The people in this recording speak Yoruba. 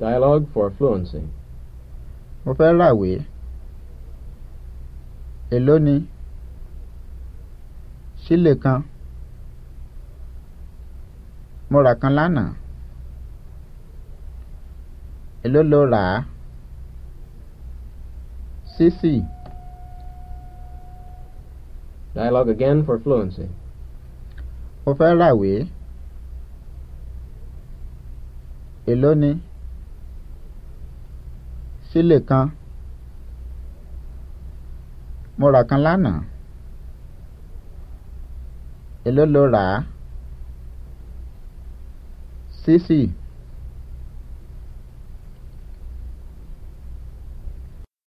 Dialogue for fluency. Mo fẹ́ ràwé. Èló ni? Ṣílè kan. Mo rà kan lánàá. Èló lo rà á? Sísì. Dialogue again for fluency. Mo fẹ́ ràwé. Èló ni? sílẹ̀ kan mo rà kan lánàá èló lo rà á sísì. Si,